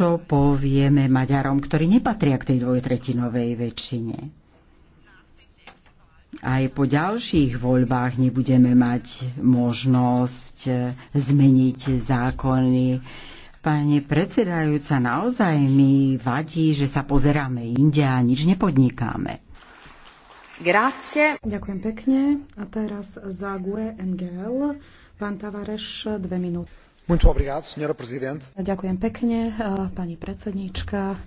čo povieme Maďarom, ktorí nepatria k tej dvojtretinovej väčšine. Aj po ďalších voľbách nebudeme mať možnosť eh, zmeniť zákony. Pani predsedajúca, naozaj mi vadí, že sa pozeráme inde a nič nepodnikáme. Grazie. Ďakujem pekne. A teraz za GUE NGL, pán Tavareš, dve minúty. Ďakujem pekne, eh, pani predsedníčka.